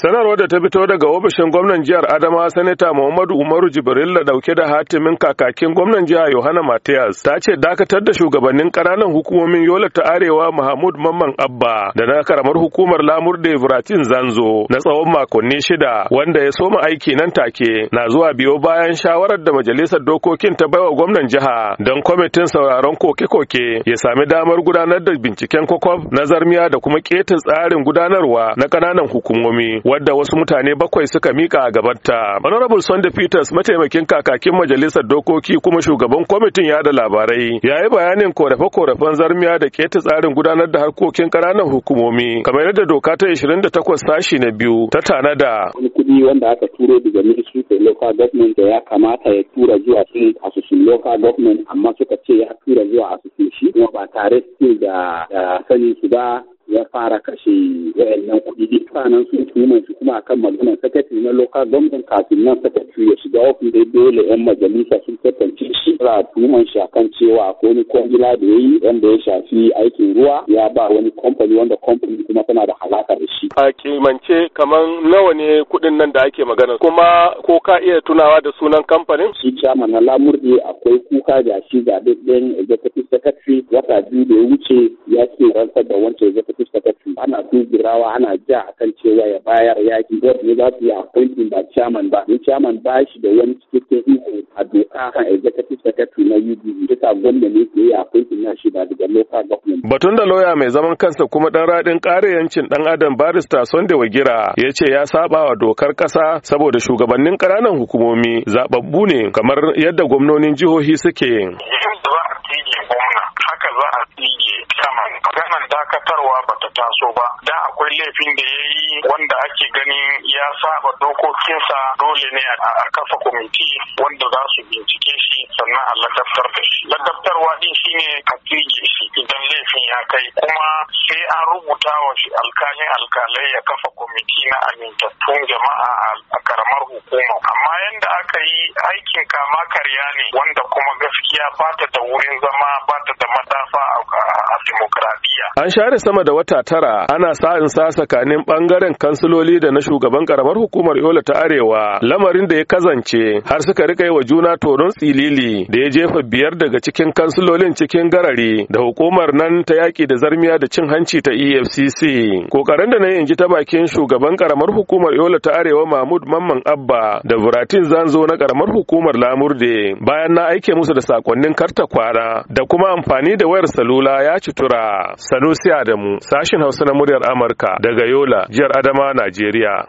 sanarwar da ta fito daga ofishin gwamnan jihar adamawa sanata muhammadu umaru da dauke da hatimin kakakin gwamnan jihar yohana Matias, ta ce dakatar da shugabannin ƙananan hukumomin yola ta arewa mahmud mamman abba da na karamar hukumar lamur da ibratin zanzo na tsawon makonni shida wanda ya soma aiki nan take na zuwa biyo bayan shawarar da majalisar dokokin ta baiwa gwamnan jiha don kwamitin sauraron koke-koke ya sami damar gudanar da binciken kwakwaf nazarmiya da kuma ketin tsarin gudanarwa na ƙananan hukumomi wadda wasu mutane bakwai suka mika a gabanta honorable sunday peters mataimakin kakakin majalisar dokoki kuma shugaban kwamitin yada labarai ya yi bayanin korafe-korafen zarmiya da keta tsarin gudanar da harkokin ƙananan hukumomi kamar yadda doka ta 28 sashi na biyu ta tanada wani kuɗi wanda aka turo daga ministry for local government da ya kamata ya tura zuwa cikin asusun local government amma suka ce ya tura zuwa asusun shi kuma ba tare da sani su ba ya fara kashe wayannan kuɗi sanan sun tuhuman shi kuma akan maganar sakatari na local government kafin nan sakatari ya shiga ofin da dole yan majalisa sun tantance shi ra tuhuman shi akan cewa akwai wani kwangila da ya yi wanda ya shafi aikin ruwa ya ba wani kamfani wanda kamfani kuma tana da halaka da shi. a kimance kaman nawa ne kuɗin nan da ake magana kuma ko ka iya tunawa da sunan kamfanin. shi chairman na lamurde akwai kuka da shi zaɓaɓɓen executive secretary wata biyu da ya wuce ya ke rantsar da wancan executive chief secretary ana dubirawa ana ja kan cewa ya bayar yaƙi. ko ne za su yi appointing ba chairman ba ni chairman ba shi da wani cikakken iko a doka kan executive secretary na UDU duka gwamna ne ke yi appointing na shi ba daga local government batun da lauya mai zaman kansa kuma ɗan raɗin kare yancin ɗan adam barista Sunday Wagira ya ce ya saba wa dokar kasa saboda shugabannin ƙananan hukumomi zababbu ne kamar yadda gwamnonin jihohi suke haka za a Wannan dakatarwa bata taso ba da akwai laifin da ya yi wanda ake ganin ya saba dokokinsa dole ne a kafa kwamiti wanda za su bincike shi sannan a ladabtar da shi ladabtarwa din shine a ya kai kuma sai an rubuta wa shi alkalin alkalai ya kafa kwamiti na amintattun jama'a a karamar hukuma amma yadda aka yi aikin kama karya ne wanda kuma gaskiya ba ta da wurin zama ba ta da matafa a demokradiyya an share sama da wata tara ana sa'in sa tsakanin bangaren kansiloli da na shugaban karamar hukumar yola ta arewa lamarin da ya kazance har suka rika yi wa juna toron tsilili da ya jefa biyar daga cikin kansilolin cikin garari da hukumar nan ta yaƙi da zarmiya da cin hanci ta EFCC. Kokarin da na inji ta bakin shugaban karamar hukumar Yola ta Arewa Mahmud Mamman Abba da Buratin Zanzo na karamar hukumar Lamurde bayan na aike musu da sakonnin karta kwara da kuma amfani da wayar salula ya ci tura. Sanusi Adamu, sashin Hausa na muryar Amurka daga Yola, jihar Adama, Najeriya.